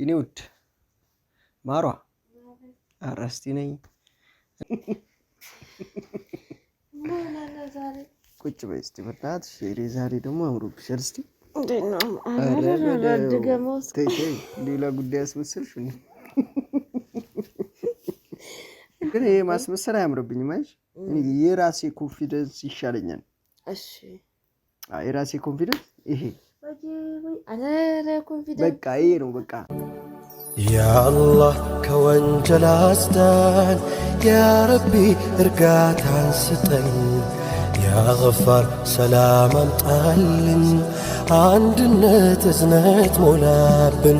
የኔ ውድ ማሯ አረስቲ ነኝ። ቁጭ በይ እስኪ በእናትሽ። ዛሬ ደግሞ አምሮብሻል። እስኪ ሌላ ጉዳይ አስመሰልሽ። ግን ይሄ ማስመሰል አያምርብኝም። አይሽ የራሴ ኮንፊደንስ ይሻለኛል። የራሴ ኮንፊደንስ ይሄ በቃ ይሄ ነው በቃ ያአላህ ከወንጀል አስዳን፣ ያረቢ እርጋታን ስጠን፣ ያገፋር ሰላም አምጣልን፣ አንድነት እዝነት ሞላብን።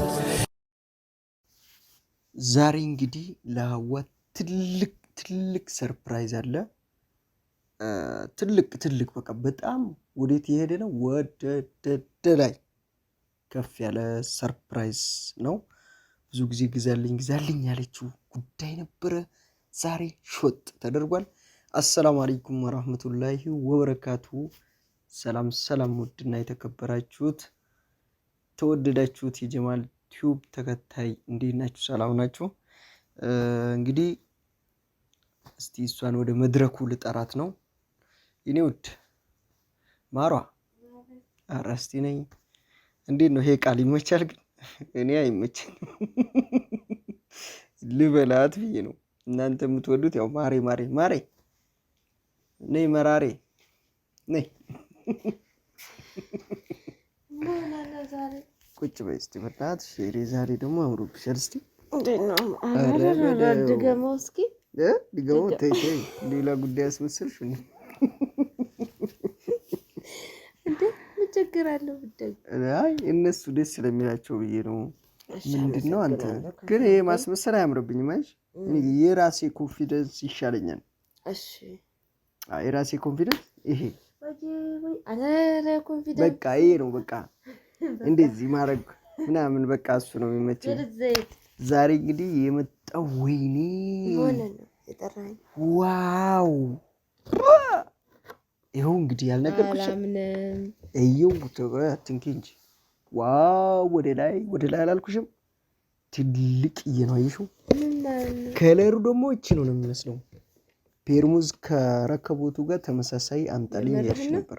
ዛሬ እንግዲህ ለሀዋ ትልቅ ትልቅ ሰርፕራይዝ አለ። ትልቅ ትልቅ በቃ በጣም ወዴት የሄደ ነው? ወደ ደደላይ ከፍ ያለ ሰርፕራይዝ ነው። ብዙ ጊዜ ግዛልኝ ግዛልኝ ያለችው ጉዳይ ነበረ። ዛሬ ሾጥ ተደርጓል። አሰላሙ አለይኩም ወራህመቱላሂ ወበረካቱ። ሰላም ሰላም፣ ውድና የተከበራችሁት ተወደዳችሁት የጀማል ቲዩብ ተከታይ እንዴት ናችሁ? ሰላም ናችሁ? እንግዲህ እስቲ እሷን ወደ መድረኩ ልጠራት ነው። የኔ ውድ ማሯ አረስቲ ነኝ። እንዴት ነው ይሄ ቃል ይመቻል ግን እኔ አይመችኝ ልበላት ብዬ ነው። እናንተ የምትወዱት ያው ማሬ ማሬ ማሬ ነይ መራሬ ነይ ቁጭ በይ እስኪ በእናትሽ። ሼሬ ዛሬ ደግሞ አምሮብሻል። እስኪ ድገመው እስኪ ድገመው። ተይ ተይ ሌላ ጉዳይ አስመስልሽ እናገራለሁ ብታይ እነሱ ደስ ስለሚላቸው ብዬ ነው። ምንድን ነው አንተ ግን ይሄ ማስመሰል አያምርብኝ ማሽ የራሴ ኮንፊደንስ ይሻለኛል። የራሴ ኮንፊደንስ ይሄ በቃ ይሄ ነው በቃ እንደዚህ ማድረግ ምናምን በቃ እሱ ነው የሚመቸኝ። ዛሬ እንግዲህ የመጣው ወይኔ ዋው ይኸው እንግዲህ ያልነገርኩሽ እየው አትንኪ እንጂ ዋው! ወደ ላይ ወደ ላይ አላልኩሽም? ትልቅ ነው። አየሽው? ከለሩ ደግሞ እቺ ነው ነው የሚመስለው። ፔርሙዝ ከረከቦቱ ጋር ተመሳሳይ አምጣልኝ ያልሽ ነበር።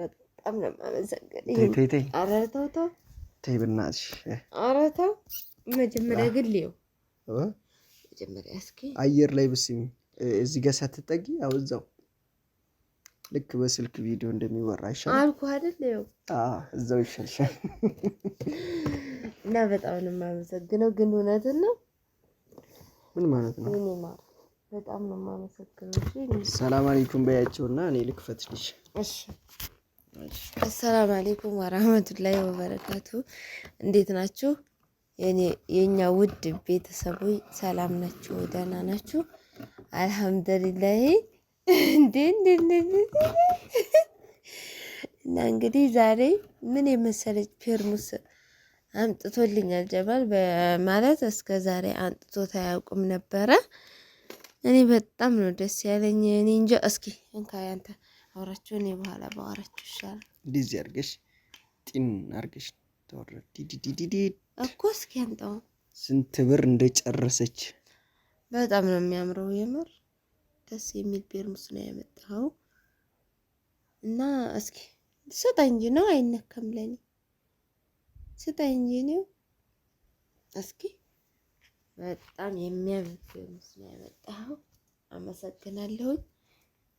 በጣም ነው የማመሰግነው። ተይ ተይ፣ ኧረ ተው ተው፣ ተይ በእናትሽ፣ ኧረ መጀመሪያ ግን ሊየው መጀመሪያ እስኪ አየር ላይ ብስሚ። እዚህ ጋር ሳትጠጊ አውዛው ልክ በስልክ ቪዲዮ እንደሚወራ ይሻል አልኩ አይደል? ያው እዛው ይሻልሻል። እና በጣም ነው የማመሰግነው። ግን እውነትን ነው። ምን ማለት ነው? በጣም ነው የማመሰግነው። ሰላም አሌይኩም በያቸውና እኔ ልክፈትልሽ። እሺ አሰላም አሌይኩም ወራህመቱላሂ ወበረካቱ። እንዴት ናችሁ የእኛ ውድ ቤተሰቦች? ሰላም ናችሁ? ደህና ናችሁ? አልሐምዱሊላህ እና እንግዲህ ዛሬ ምን የመሰለች ፌርሙስ አምጥቶልኛል ጀማል በማለት እስከ ዛሬ አንጥቶት አያውቁም ነበረ። እኔ በጣም ነው ደስ ያለኝ። እኔ እንጃ። እስኪ እንካ ያንተ አውራችሁ፣ እኔ በኋላ ባወራችሁ ይሻላል። ዲዚ አርገሽ ጢን አርገሽ ተወረድ እኮ እስኪ ያንጠው ስንት ብር እንደጨረሰች በጣም ነው የሚያምረው የምር ደስ የሚል ፔርሙስ ነው ያመጣኸው እና እስኪ ስጠኝ እንጂ ነው አይነከም ለኔ ስጠኝ እንጂ ነው። እስኪ በጣም የሚያምር ፔርሙስ ነው ያመጣኸው። አመሰግናለሁኝ።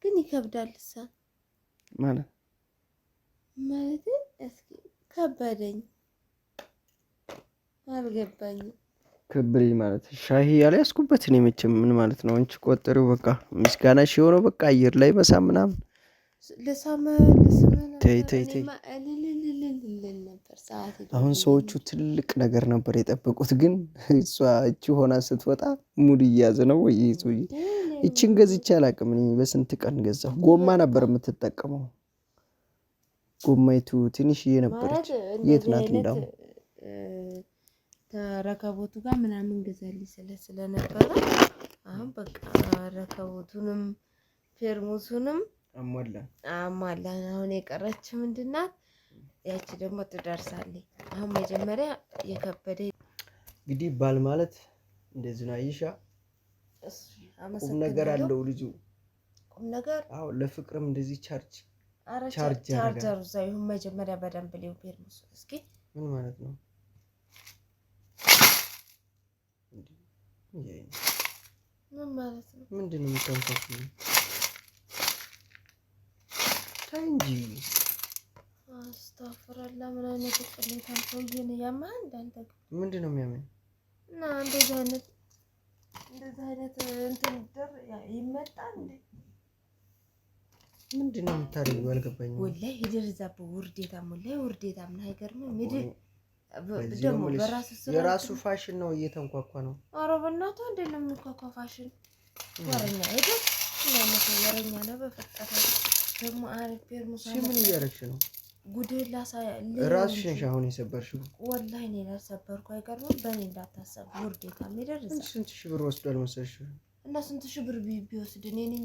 ግን ይከብዳል። እሳ ማለት ማለት እስኪ ከበደኝ፣ አልገባኝም ክብሪ ማለት ሻሂ ያልያዝኩበት እኔ መቼም ምን ማለት ነው? አንቺ ቆጠሪው በቃ ምስጋና ሺ የሆነው በቃ አየር ላይ መሳ ምናምን አሁን ሰዎቹ ትልቅ ነገር ነበር የጠበቁት፣ ግን እሷ እቺ ሆና ስትወጣ ሙድ እያዘ ነው ወይ ሰውዬ። እቺን ገዝቼ አላቅም። በስንት ቀን ገዛ? ጎማ ነበር የምትጠቀመው፣ ጎማይቱ ትንሽዬ ነበረች። የት ናት እንዳውም ረከቦቱ ጋር ምናምን ግዛልኝ ስለ ስለነበረ አሁን በቃ ረከቦቱንም ፌርሙሱንም አሟላ። አሁን የቀረች ምንድናት? ያቺ ደግሞ ትደርሳለች። አሁን መጀመሪያ የከበደ እንግዲህ ባል ማለት እንደዚህ ነው። አይሻ ቁም ነገር አለው ልጁ ቁም ነገር። አዎ ለፍቅርም እንደዚህ ቻርጅ ቻርጀሩ እዛ ይሁን መጀመሪያ በደንብ ሊው ፌርሙሱ እስኪ ምን ማለት ነው ምን ማለት ነው? ምንድን ነው የምታንሳት? ተይ እንጂ አስታፍራላ። ምን አይነት ቅሌታም ሰውዬ ነው። ያማህ እንዳንተ ምንድን ነው የሚያምን እና እንደዚህ አይነት እንደዚህ አይነት እንትን ድር ይመጣል እንዴ? ምንድን ነው የምታደርጊው? አልገባኝም። ወላሂ ሂድር እዛ ውርዴታም ወላሂ ውርዴታም ነው። አይገርምም? ሂድር የራሱ ፋሽን ነው እየተንኳኳ ነው። ኧረ በእናትህ እንዴት ነው የሚንኳኳ? ፋሽን ወረኛ ሄዶ ምናምን ወረኛ ነው። በፈጠረ ደግሞ አሪፍ ፌርሙሳ ምን እያረግሽ ነው? ጉድህ ራስሽን አሁን የሰበርሽው። ወላሂ እኔ ያልሰበርኩ አይቀርም። በእኔ እንዳታሰብ ውርዴታ የሚደርስ ስንት ሺህ ብር ወስዷል መሰልሽ? እና ስንት ሺህ ብር ቢወስድ እኔ ነኝ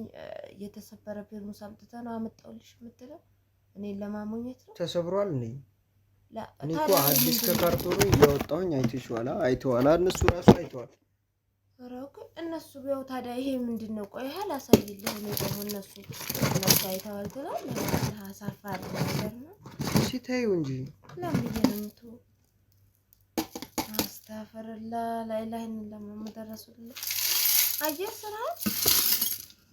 የተሰበረ ፌርሙሳ አምጥተህ ነው አመጣሁልሽ የምትለው? እኔን ለማሞኘት ነው። ተሰብሯል እንዴ? እኔ እኮ አዲስ ከካርቶኑ እያወጣሁኝ አይተሽዋል፣ አይተዋል። እነሱ ራሱ አይተዋል። እነሱ ያው ታዲያ ይሄ ምንድን ነው? ቆይ ያህል አሳይልህ። እኔ ደግሞ እነሱ እነሱ አይተዋል ትላለህ። አሳፋሪ ነገር ነው። እሺ ተይው እንጂ ለምን አስታፈርላ ላይላይ ለማመ ደረሱልህ። አየህ ስራ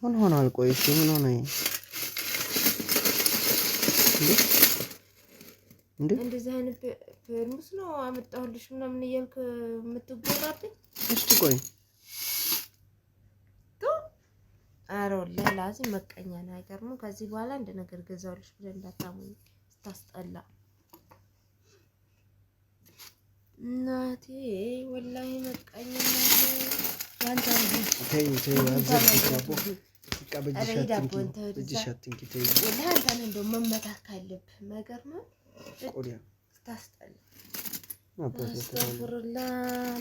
ምን ሆኗል? ቆይ እሺ ምን ሆነ? እንደዚህ አይነት ፌርሙስ ነው አመጣሁልሽ ምናምን እያልክ የምትጎራብኝ። እስቲ ቆይ ኧረ ወላሂ ላዚም መቀኛ ነው። አይገርምም? ከዚህ በኋላ እንደ ነገር ገዛሁልሽ ብለህ እንዳታሙኝ ስታስጠላ እናቴ ወላሂ መቀኛ ናት። አንተ መመታት ካለብህ ነገር ነው ታስጠላ አስተፍርላ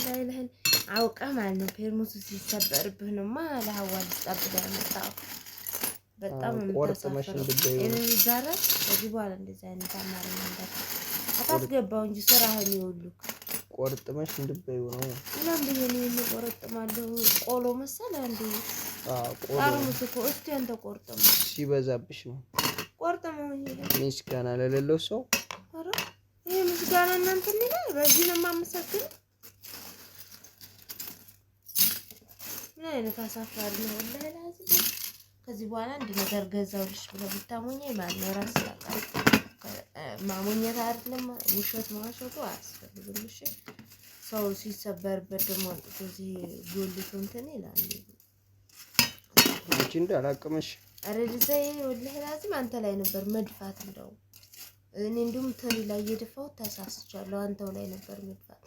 ላይልህን አውቃ ማለት ነው። ፔርሙሱ ሲሰበርብህ ነው ማ ለሀዋ ልስጣብላ ያመጣው በጣም አታስገባው እንጂ ስራህን ይውሉክ ቆርጥመሽ እንድበይው ነው ምናም ብዬ ነው የሚቆረጥማለሁ። ቆሎ መሰል አንዱ ጣርሙስ እኮ እስቲ አንተ ቆርጥመው ሲበዛብሽ ነው ቆርጥመው። ምስጋና ለሌለው ሰው ይሄ ምስጋና እናንተ ይላል። በዚህ ነው የማመሰግነው። ምን አይነት አሳፋሪ ነው ወላሂ ላዚም። ከዚህ በኋላ አንድ ነገር ገዛውልሽ ብለ ብታሞኘ ማነው ራስ ያቃል። ማሞኘት አይደለም ውሸት ማሸቱ አያስፈልግም። እሺ ሰው ሲሰበርበት ደግሞ አንጥቶ እዚህ ጎልቶ እንትን ይላል። አንቺ እንዳላቅምሽ አረ ዲዛይን ወላሂ ላዚም አንተ ላይ ነበር መድፋት እንደው እኔ እንዲሁም ተሪ ላይ እየደፋሁት ተሳስቻለሁ። አንተው ላይ ነበር መግባት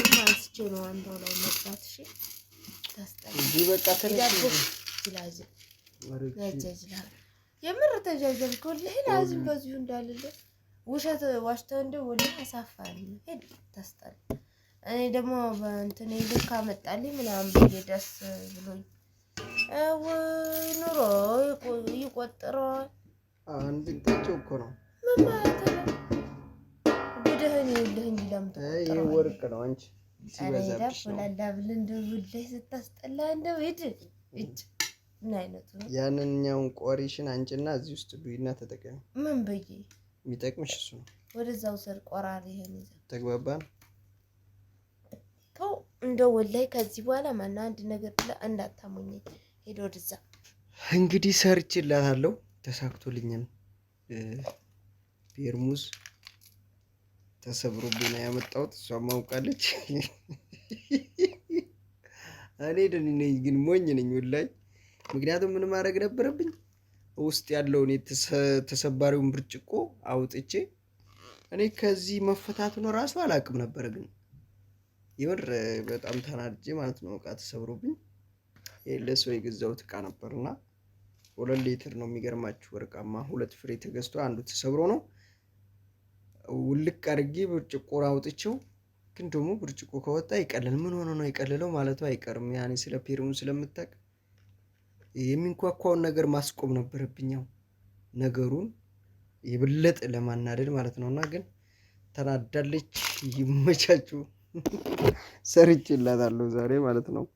ግን አንስቼ ነው አንተው ላይ መግባት። እሺ የምር ተጃጀልኩልህ ላዝም በዚሁ እንዳልል ውሸት ዋሽተው እንደ ወደ አሳፋሪ ሄድ ታስጣል። እኔ ደግሞ በእንትን ልክ አመጣልኝ ምናምን ብዬ ደስ ብሎኝ ኑሮ ይቆጥረዋል። አንድ እኮ ነው ጉድህን ይኸውልህ እንጂ ወርቅ ነው አንቺ ስታስጠላ እንደው ምን አይነቱ ነው? ያንኛውን ቆሪሽን አንጭና እዚህ ውስጥ ዱይና ተጠቀሚ። ምን ብዬ የሚጠቅምሽ እሱ ነው። ወደዛው ሰር ቆራሪ ይሄን ይዘ ተግባባን። ተው እንደው ወላሂ ከዚህ በኋላ ማና አንድ ነገር ብላ እንዳታሞኝ። ሄዶ ወደዛ እንግዲህ ሰርችላታለሁ። ተሳክቶልኛል። ፌርሙዝ ተሰብሮብኝ ነው ያመጣሁት። እሷ ማውቃለች። እኔ ነኝ ግን ሞኝ ነኝ ወላሂ። ምክንያቱም ምን ማድረግ ነበረብኝ ውስጥ ያለውን ተሰባሪውን ብርጭቆ አውጥቼ እኔ ከዚህ መፈታት ነው ራሱ አላውቅም ነበረ። ግን የምር በጣም ተናድጄ ማለት ነው እቃ ተሰብሮብኝ ለሰው የገዛሁት እቃ ነበርና ሁለት ሌትር ነው የሚገርማችሁ፣ ወርቃማ ሁለት ፍሬ ተገዝቶ አንዱ ተሰብሮ ነው ውልቅ አድርጌ ብርጭቆ አውጥቼው ግን ደግሞ ብርጭቆ ከወጣ ይቀልል። ምን ሆኖ ነው የቀልለው ማለቱ አይቀርም። ያኔ ስለ ፔሩን ስለምታቅ የሚንኳኳውን ነገር ማስቆም ነበረብኛው ነገሩን የበለጠ ለማናደድ ማለት ነው። እና ግን ተናዳለች። ይመቻችሁ። ሰርቼላታለሁ ዛሬ ማለት ነው።